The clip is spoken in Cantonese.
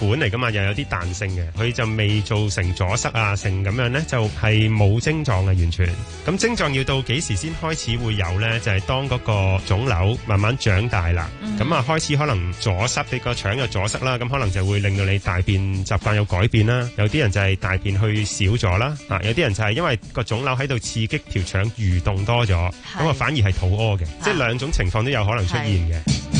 管嚟噶嘛，又有啲彈性嘅，佢就未造成阻塞啊，成咁樣呢就係冇症狀嘅完全。咁症狀要到幾時先開始會有呢？就係當嗰個腫瘤慢慢長大啦，咁啊開始可能阻塞你個腸又阻塞啦，咁可能就會令到你大便習慣有改變啦。有啲人就係大便去少咗啦，啊有啲人就係因為個腫瘤喺度刺激條腸蠕動多咗，咁啊反而係肚屙嘅，即係兩種情況都有可能出現嘅。